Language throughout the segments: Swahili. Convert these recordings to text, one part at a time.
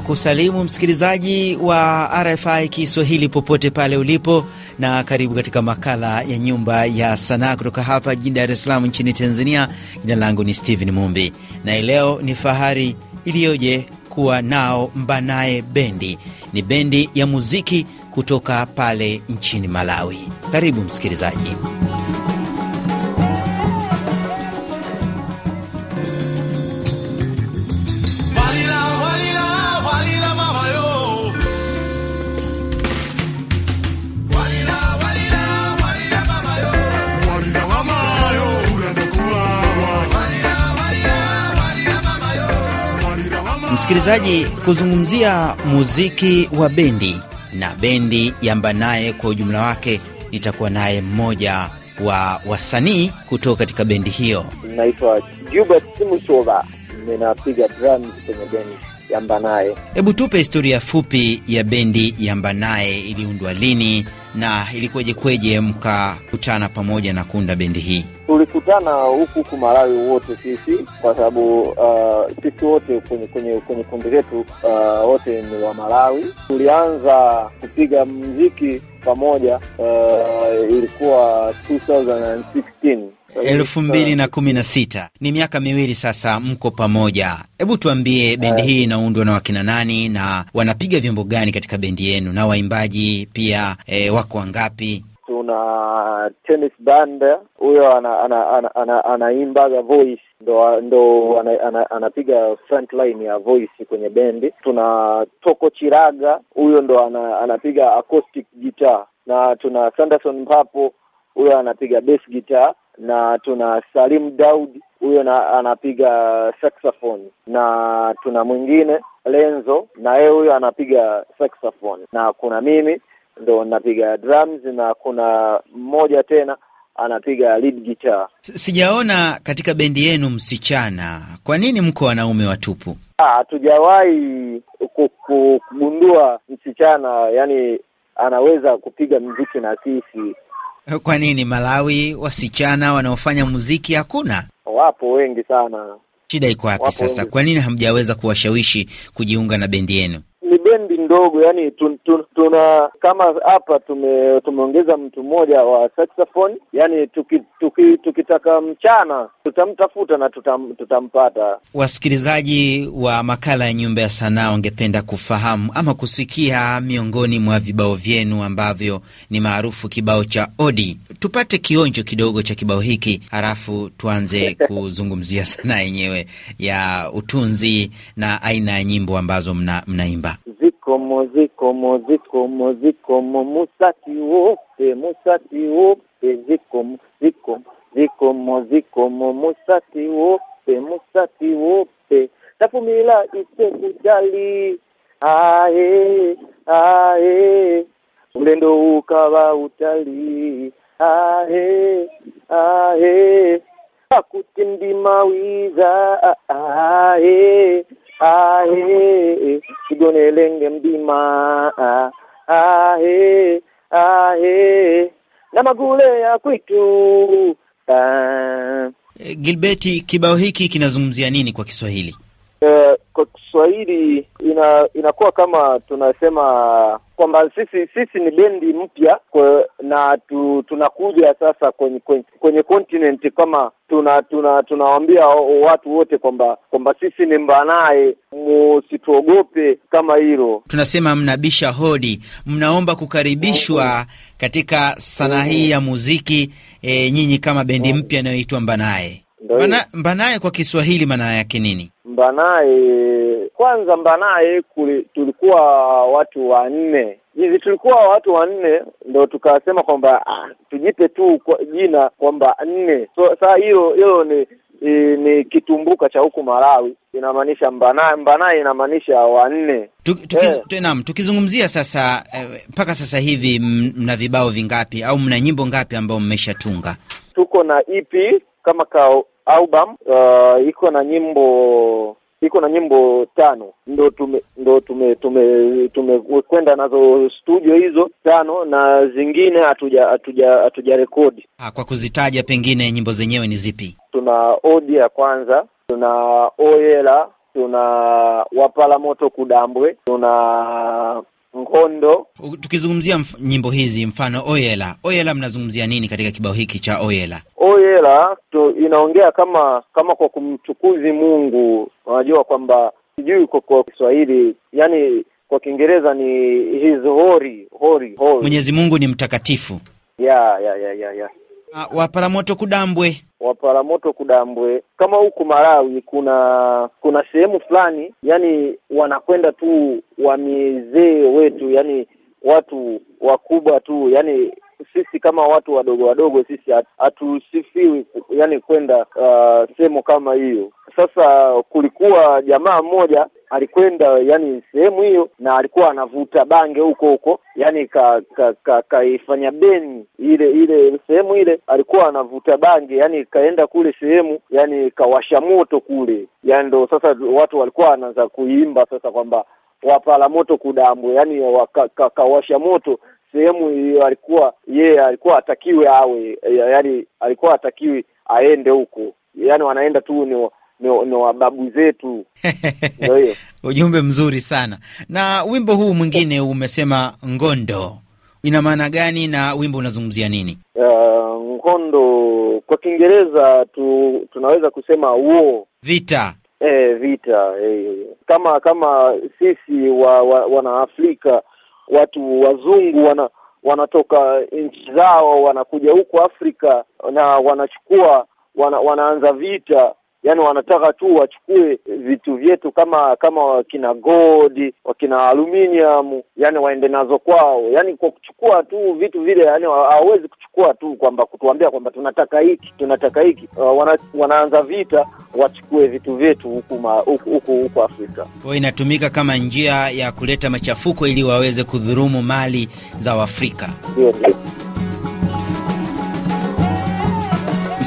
kusalimu msikilizaji wa RFI Kiswahili popote pale ulipo, na karibu katika makala ya Nyumba ya Sanaa kutoka hapa jijini Dar es Salaam nchini Tanzania. Jina langu ni stephen Mumbi, na leo ni fahari iliyoje kuwa nao Mbanaye Bendi. Ni bendi ya muziki kutoka pale nchini Malawi. Karibu msikilizaji. Msikilizaji, kuzungumzia muziki wa bendi na bendi yamba naye kwa ujumla wake, nitakuwa naye mmoja wa wasanii kutoka katika bendi hiyo. Naitwa jubert Simusova, ninapiga drums kwenye bendi Yambanaye. Hebu tupe historia fupi ya bendi Yambanaye, iliundwa lini na ilikuwaje kweje mkakutana pamoja na kuunda bendi hii? Tulikutana huku huku Malawi wote sisi, kwa sababu uh, sisi wote kwenye kwenye kwenye kundi letu uh, wote ni wa Malawi. Tulianza kupiga mziki pamoja uh, ilikuwa 2016 elfu mbili na kumi na sita. Ni miaka miwili sasa mko pamoja. Hebu tuambie bendi hii inaundwa na wakina nani na wanapiga vyombo gani katika bendi yenu na waimbaji pia e, wako wangapi? Tuna tennis band, huyo anaimba ana, ana, ana, ana, ana voice ndo, ndo anapiga ana, ana, front line ya voice kwenye bendi. Tuna Toko Chiraga, huyo ndo ana, anapiga acoustic guitar, na tuna Sanderson Mpapo, huyo anapiga bass guitar na tuna Salim Daud huyo na, anapiga saxophone na tuna mwingine Lenzo na yeye huyo anapiga saxophone na kuna mimi ndo napiga drums na kuna mmoja tena anapiga lead guitar. Sijaona katika bendi yenu msichana, kwa nini mko wanaume watupu? Ah, hatujawahi kugundua msichana yani anaweza kupiga mziki na sisi kwa nini Malawi wasichana wanaofanya muziki hakuna? Wapo wengi sana. Shida iko wapi sasa? Kwa nini hamjaweza kuwashawishi kujiunga na bendi yenu? ni bendi ndogo, yani tun, tun, tuna kama hapa tume, tumeongeza mtu mmoja wa saxophone, yani tuki, tuki, tukitaka mchana tutamtafuta na tutam, tutampata. Wasikilizaji wa makala ya Nyumba ya Sanaa wangependa kufahamu ama kusikia miongoni mwa vibao vyenu ambavyo ni maarufu kibao cha Odi, tupate kionjo kidogo cha kibao hiki, halafu tuanze kuzungumzia sanaa yenyewe ya utunzi na aina ya nyimbo ambazo mnaimba mna Muzikomo, zikomo, zikomo, zikomo, musati wope musati wope zikomo, zikomo, zikomo, zikomo, musati wope musati wope tafumila isekujali, ae, ae, ulendo ukawa utali ae, ae, akutindi mawiza, ae, ahe sigone lenge mdima ahe ahe na magule ya kwitu eh, Gilbeti, kibao hiki kinazungumzia nini kwa Kiswahili? Uh, kwa Kiswahili ina, inakuwa kama tunasema kwamba sisi sisi ni bendi mpya na tu, tunakuja sasa kwenye kwenye, kwenye continent kama tuna tuna tunawaambia watu wote kwamba kwamba sisi ni mbanaye, musituogope kama hilo. Tunasema mnabisha hodi, mnaomba kukaribishwa mm-hmm. katika sanaa hii ya muziki e, nyinyi kama bendi mm-hmm. mpya inayoitwa Mbanaye. Mbana, mbanaye kwa Kiswahili maana yake nini? Mbanaye kwanza, mbanaye tulikuwa watu wanne hivi, tulikuwa watu wanne ndo tukasema kwamba ah, tujipe tu kwa jina kwamba nne. So saa hiyo hiyo ni I, ni kitumbuka cha huku Malawi inamaanisha mbanaye. Mbanaye inamaanisha wanne. tukiz, eh. Naam, tukizungumzia sasa eh, mpaka eh, sasa hivi mna vibao vingapi au mna nyimbo ngapi ambao mmeshatunga? Tuko na EP kama ka album uh, iko na nyimbo iko na nyimbo tano ndo tume ndo tume tume tumekwenda nazo studio hizo tano na zingine hatuja hatuja hatuja rekodi. Ah, kwa kuzitaja, pengine nyimbo zenyewe ni zipi? Tuna odi ya kwanza, tuna oela tuna wapala moto kudambwe, tuna mkondo. Tukizungumzia mf nyimbo hizi mfano Oyela, Oyela mnazungumzia nini katika kibao hiki cha Oyela? Oyela to inaongea kama kama kwa kumtukuzi Mungu. Unajua kwamba sijui kwa, kwa Kiswahili yani kwa Kiingereza ni his holy holy holy. Mwenyezi Mungu ni mtakatifu. Yeah, yeah, yeah, yeah, yeah. Ah, waparamoto Kudambwe waparamoto Kudambwe, kama huku Malawi kuna kuna sehemu fulani, yani wanakwenda tu wa mizee wetu, yani watu wakubwa tu, yani sisi kama watu wadogo wadogo sisi hatusifiwi, yani kwenda uh, sehemu kama hiyo. Sasa kulikuwa jamaa mmoja alikwenda yani sehemu hiyo na alikuwa anavuta bange huko huko, yani kaifanya ka, ka, ka beni ile ile sehemu ile alikuwa anavuta bange, yani kaenda kule sehemu yani kawasha moto kule, yani ndo sasa watu walikuwa wanaanza kuimba sasa kwamba wapala moto kudambwe, yani wakawasha ka, moto sehemu hiyo alikuwa yeye alikuwa atakiwe awe yani alikuwa atakiwe aende huko, yani wanaenda tu ni ni wababu zetu. ujumbe mzuri sana. Na wimbo huu mwingine umesema ngondo, ina maana gani na wimbo unazungumzia nini? Uh, ngondo kwa Kiingereza tu, tunaweza kusema uo vita E, vita e, kama kama sisi wa, wa, Wanaafrika watu wazungu wana, wanatoka nchi zao wanakuja huku Afrika na wanachukua wana, wanaanza vita yani wanataka tu wachukue vitu vyetu kama kama wakina gold wakina aluminium, yani waende nazo kwao. Yani kwa kuchukua tu vitu vile, yani hawawezi kuchukua tu kwamba kutuambia kwamba tunataka hiki tunataka hiki. Uh, wana, wanaanza vita wachukue vitu vyetu huku huku huku Afrika. Kwa inatumika kama njia ya kuleta machafuko ili waweze kudhurumu mali za Waafrika. ndio.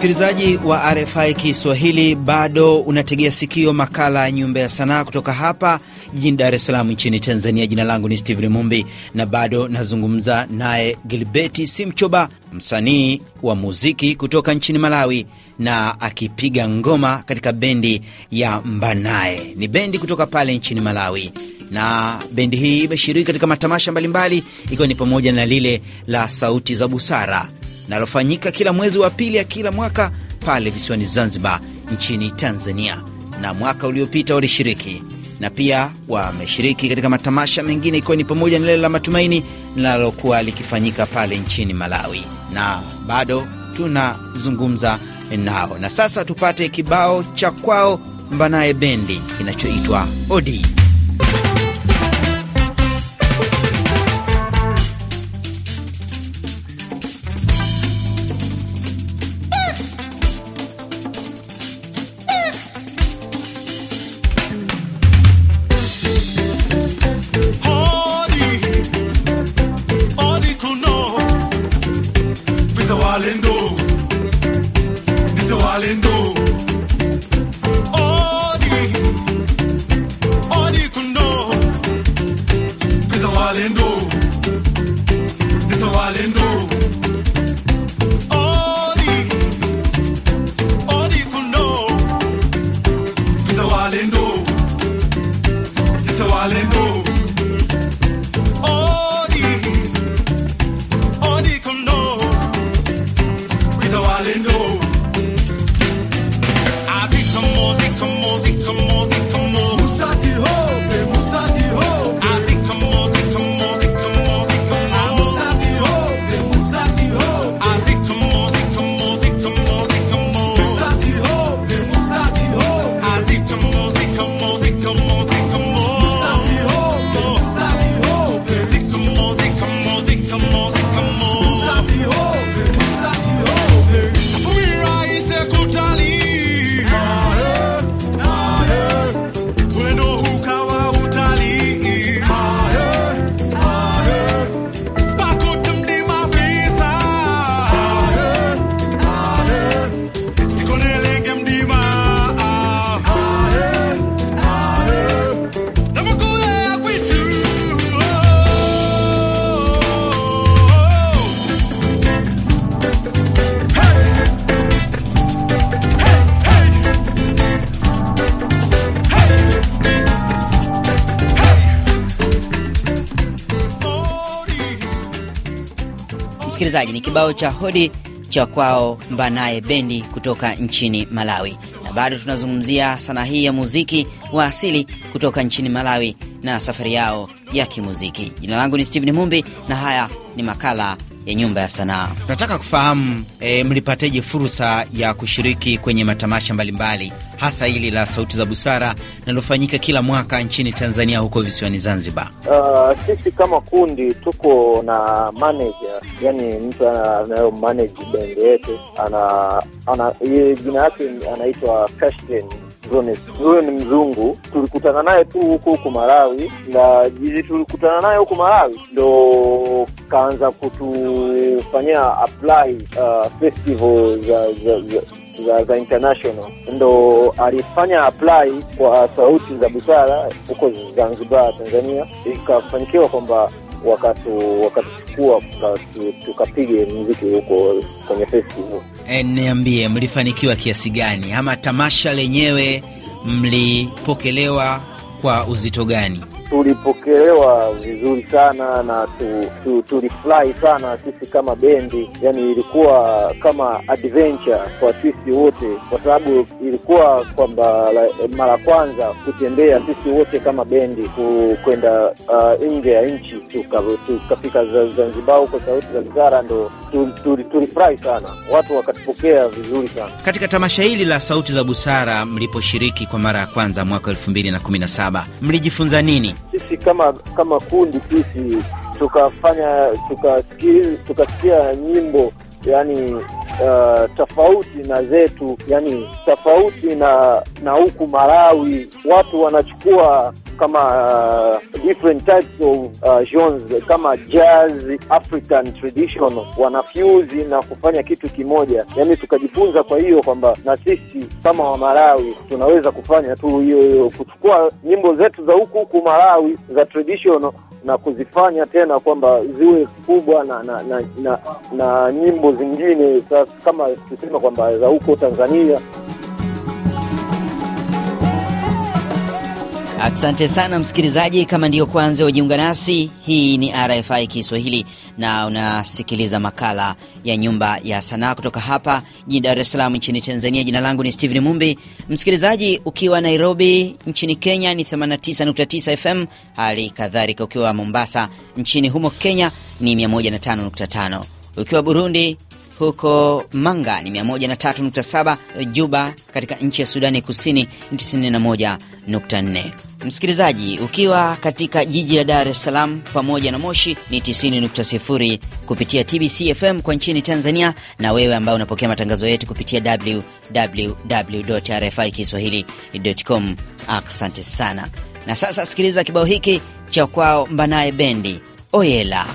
Msikilizaji wa RFI Kiswahili, bado unategea sikio makala ya Nyumba ya Sanaa kutoka hapa jijini Dar es Salaam nchini Tanzania. Jina langu ni Steven Mumbi na bado nazungumza naye Gilbeti Simchoba, msanii wa muziki kutoka nchini Malawi na akipiga ngoma katika bendi ya Mbanae. Ni bendi kutoka pale nchini Malawi na bendi hii imeshiriki katika matamasha mbalimbali ikiwa ni pamoja na lile la Sauti za Busara linalofanyika kila mwezi wa pili ya kila mwaka pale visiwani Zanzibar nchini Tanzania, na mwaka uliopita walishiriki na pia wameshiriki katika matamasha mengine ikiwa ni pamoja na lile la Matumaini linalokuwa likifanyika pale nchini Malawi, na bado tunazungumza nao. Na sasa tupate kibao cha kwao Mbanaye Bendi kinachoitwa Odi. msikilizaji, ni kibao cha hodi cha kwao Mbanaye bendi kutoka nchini Malawi. Na bado tunazungumzia sanaa hii ya muziki wa asili kutoka nchini Malawi na safari yao ya kimuziki. Jina langu ni Steven Mumbi na haya ni makala ya nyumba ya sanaa. Tunataka kufahamu e, mlipateje fursa ya kushiriki kwenye matamasha mbalimbali hasa hili la Sauti za Busara linalofanyika kila mwaka nchini Tanzania huko visiwani Zanzibar? Uh, sisi kama kundi tuko na manager, yani mtu anayo manage bendi yetu, ana, ana, jina yake anaitwa huyo ni mzungu, tulikutana naye tu huko huko Malawi, na jiji tulikutana naye huko Malawi ndo kaanza kutufanyia apply uh, festival za, za, za za, za international ndo alifanya apply kwa sauti za busara huko Zanzibar, Tanzania, ikafanyikiwa kwamba wakatu tukapige mziki muziki huko kwenye festival. E, niambie mlifanikiwa kiasi gani, ama tamasha lenyewe mlipokelewa kwa uzito gani? tulipokelewa vizuri sana na tu, tu, tulifurahi sana sisi kama bendi, yani ilikuwa kama adventure kwa sisi wote, kwa sababu ilikuwa kwamba mara kwanza kutembea sisi wote kama bendi kwenda uh, nje ya nchi, tukafika Zanzibar huko Sauti za busara ndo tulifurahi tu, tu, sana, watu wakatupokea vizuri sana. Katika tamasha hili la Sauti za Busara mliposhiriki kwa mara ya kwanza mwaka elfu mbili na kumi na saba mlijifunza nini? sisi kama kama kundi sisi tukafanya tukasikia tukasikia nyimbo yani uh, tofauti na zetu yani tofauti na na huku Malawi watu wanachukua kama uh, different types of uh, genres kama jazz, african traditional, wanafuse na kufanya kitu kimoja, yani tukajifunza. Kwa hiyo kwamba na sisi kama wa Malawi tunaweza kufanya tu hiyo hiyo, kuchukua nyimbo zetu za huku huku Malawi za traditional na kuzifanya tena kwamba ziwe kubwa na na na, na, na nyimbo zingine kama tuseme kwamba za huko Tanzania. Asante sana msikilizaji, kama ndiyo kwanza wajiunga nasi, hii ni RFI Kiswahili na unasikiliza makala ya Nyumba ya Sanaa kutoka hapa jijini Dar es Salaam nchini Tanzania. Jina langu ni Steven Mumbi. Msikilizaji, ukiwa Nairobi nchini Kenya ni 89.9 FM, hali kadhalika ukiwa Mombasa nchini humo Kenya ni 105.5, ukiwa Burundi huko Manga ni 103.7, Juba katika nchi ya Sudani Kusini 91 Msikilizaji, ukiwa katika jiji la Dar es Salaam pamoja na Moshi ni 90.0 kupitia tbcfm kwa nchini Tanzania, na wewe ambao unapokea matangazo yetu kupitia www RFI kiswahilicom. Asante sana. Na sasa sikiliza kibao hiki cha kwao Mbanaye Bendi, Oyela.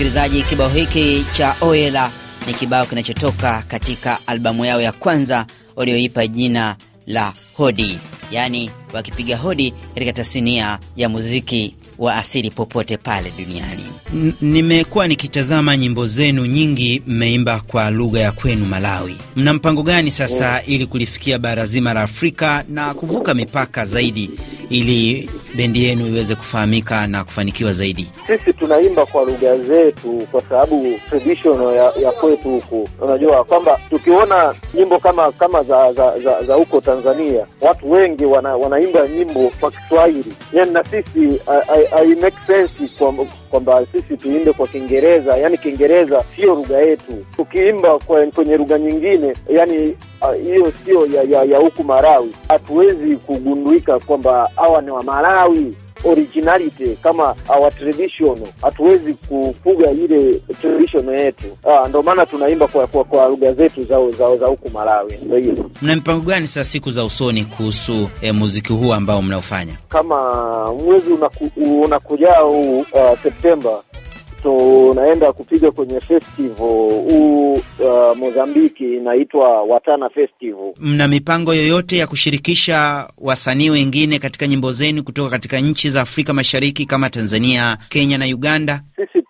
msikilizaji, kibao hiki cha Oela ni kibao kinachotoka katika albamu yao ya kwanza walioipa jina la Hodi, yaani wakipiga hodi katika tasnia ya muziki wa asili popote pale duniani. Nimekuwa nikitazama nyimbo zenu nyingi mmeimba kwa lugha ya kwenu Malawi. Mna mpango gani sasa mm. ili kulifikia bara zima la Afrika na kuvuka mipaka zaidi ili bendi yenu iweze kufahamika na kufanikiwa zaidi? Sisi tunaimba kwa lugha zetu kwa sababu tradition ya, ya kwetu huku, unajua kwamba tukiona nyimbo kama kama za za, za, za huko Tanzania watu wengi wana, wanaimba nyimbo kwa Kiswahili yani na sisi I, I, I make sense kwa kwamba sisi tuimbe kwa Kiingereza, yani Kiingereza sio lugha yetu. Tukiimba kwenye lugha nyingine, yani ah, hiyo uh, sio ya huku ya, Malawi, hatuwezi kugundulika kwamba hawa ni wa Malawi originality kama our tradition. Hatuwezi kufuga ile tradition yetu, ah, ndio maana tunaimba kwa, kwa, kwa lugha zetu za huku Malawi. Ndio hiyo. Mna mpango gani sasa siku za usoni kuhusu eh, muziki huu ambao mnaofanya? Kama mwezi unaku, unakujaa huu uh, ah, Septemba tunaenda kupiga kwenye festival huu Mozambiki inaitwa Watana Festival. Mna mipango yoyote ya kushirikisha wasanii wengine katika nyimbo zenu kutoka katika nchi za Afrika Mashariki kama Tanzania, Kenya na Uganda? Sisi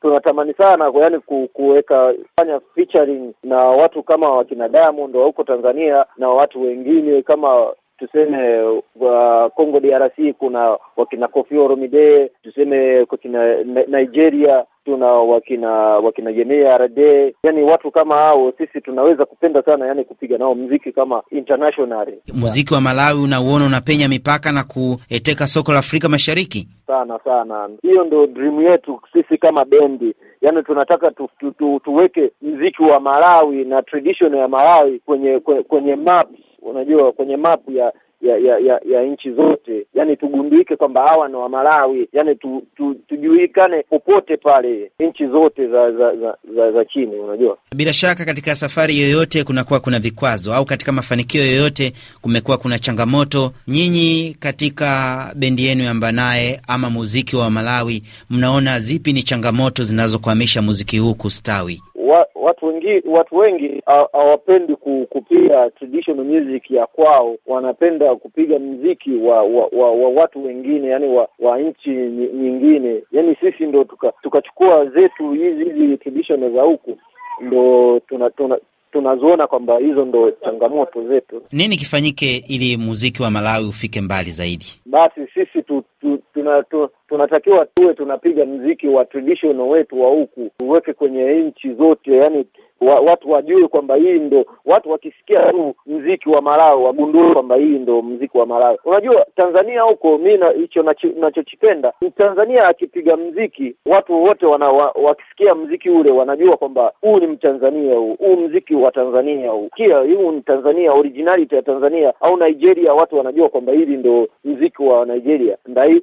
tunatamani sana yaani kuweka fanya featuring na watu kama wakina Diamond wa huko Tanzania na watu wengine kama tuseme wa Congo DRC kuna wakina Kofi Olomide, tuseme kuna Nigeria tuna wakina wakina Yemea RD, yani watu kama hao sisi tunaweza kupenda sana yani kupiga nao mziki kama international. Muziki wa Malawi unauona unapenya mipaka na kuteka soko la Afrika Mashariki sana sana. Hiyo ndio dream yetu sisi kama bendi, yani tunataka tu, tu, tu, tuweke mziki wa Malawi na tradition ya Malawi kwenye kwenye, kwenye maps unajua kwenye mapu ya ya ya ya, ya nchi zote, yani tugundulike kwamba hawa ni wa Malawi, yani tu, tu, tujulikane popote pale nchi zote za za, za za za chini. Unajua, bila shaka katika safari yoyote kunakuwa kuna vikwazo au katika mafanikio yoyote kumekuwa kuna changamoto. Nyinyi katika bendi yenu ya Mbanae ama muziki wa Malawi, mnaona zipi ni changamoto zinazokwamisha muziki huu kustawi? wa, watu wengi watu wengi hawapendi kupiga traditional music ya kwao, wanapenda kupiga mziki wa wa, wa, wa watu wengine, yani wa, wa nchi nyingine. Yani sisi ndo tukachukua tuka zetu hizi hizi traditional za huku ndo tuna, tuna tunaziona kwamba hizo ndo changamoto zetu. Nini kifanyike ili muziki wa Malawi ufike mbali zaidi? Basi sisi tu, tu, tuna, tu, tunatakiwa tuwe tunapiga mziki wa traditional wetu wa huku, tuweke kwenye nchi zote, yani wa, watu wajue kwamba hii ndo watu wakisikia tu mziki wa Malawi wagundue kwamba hii ndo mziki wa Malawi. Unajua Tanzania huko, mi hicho nachokipenda Mtanzania akipiga mziki, watu wote wana, wa, wakisikia mziki ule wanajua kwamba huu ni Mtanzania, huu huu mziki wa Tanzania, huu kia huu ni Tanzania, originality ya Tanzania au Nigeria. Watu wanajua kwamba hili ndo mziki wa Nigeria,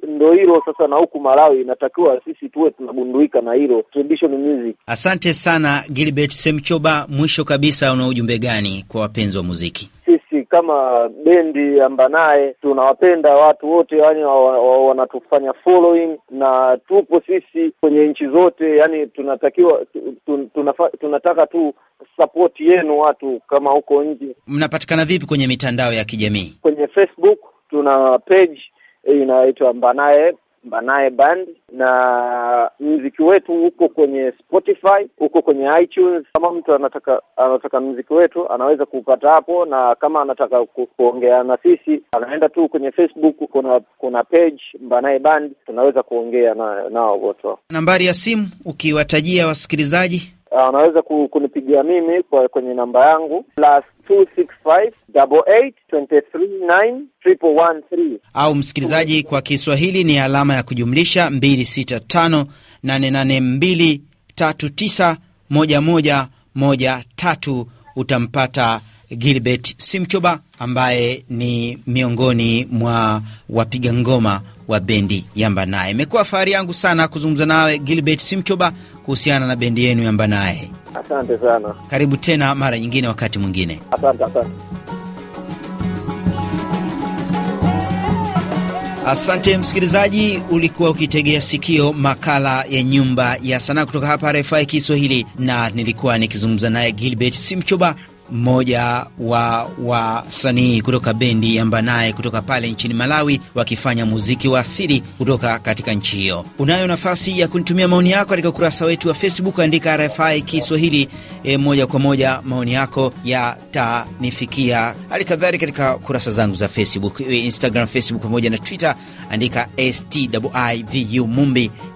ndo hilo sasa. Na huku Malawi inatakiwa sisi tuwe tunagunduika na hilo tradition music. Asante sana Gilbert Semki Luchoba, mwisho kabisa, una ujumbe gani kwa wapenzi wa muziki? Sisi kama bendi Ambanaye tunawapenda watu wote, yani wanatufanya following na tupo sisi kwenye nchi zote, yani tunatakiwa tun, tunafa, tunataka tu support yenu watu kama huko nje. Mnapatikana vipi kwenye mitandao ya kijamii? Kwenye Facebook tuna page eh, inaitwa Mbanaye banaye Band, na mziki wetu uko kwenye Spotify, uko kwenye iTunes. Kama mtu anataka anataka mziki wetu anaweza kupata hapo, na kama anataka ku, kuongea na sisi anaenda tu kwenye Facebook, kuna kuna page Mbanaye Band, tunaweza kuongea nao na wote. Nambari ya simu ukiwatajia wasikilizaji Ah, wanaweza uh, kunipigia mimi kwa kwenye namba yangu plus 265 au msikilizaji, kwa Kiswahili ni alama ya kujumlisha 265 utampata Gilbert Simchoba ambaye ni miongoni mwa wapiga ngoma wa bendi Yamba Naye. Imekuwa fahari yangu sana kuzungumza nawe Gilbert Simchoba kuhusiana na bendi yenu Yamba Naye. Asante sana. Karibu tena mara nyingine, wakati mwingine. Asante, asante. Asante msikilizaji, ulikuwa ukitegea sikio makala ya Nyumba ya Sanaa kutoka hapa RFI Kiswahili, na nilikuwa nikizungumza naye Gilbert Simchoba mmoja wa wasanii kutoka bendi ya Mbanaye kutoka pale nchini Malawi, wakifanya muziki wa asili kutoka katika nchi hiyo. Unayo nafasi ya kunitumia maoni yako katika ukurasa wetu wa Facebook, andika RFI Kiswahili e, moja kwa moja maoni yako yatanifikia. Hali kadhalika katika kurasa zangu za Facebook, e, Instagram, Facebook pamoja na Twitter, andika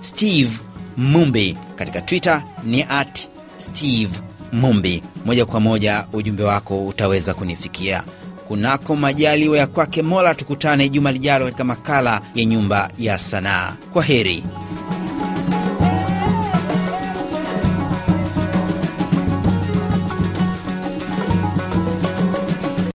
Stivu Mumbi. Katika Twitter ni at Steve Mumbi, moja kwa moja ujumbe wako utaweza kunifikia kunako majaliwa ya kwake Mola. Tukutane juma lijalo katika makala ya Nyumba ya Sanaa. Kwa heri.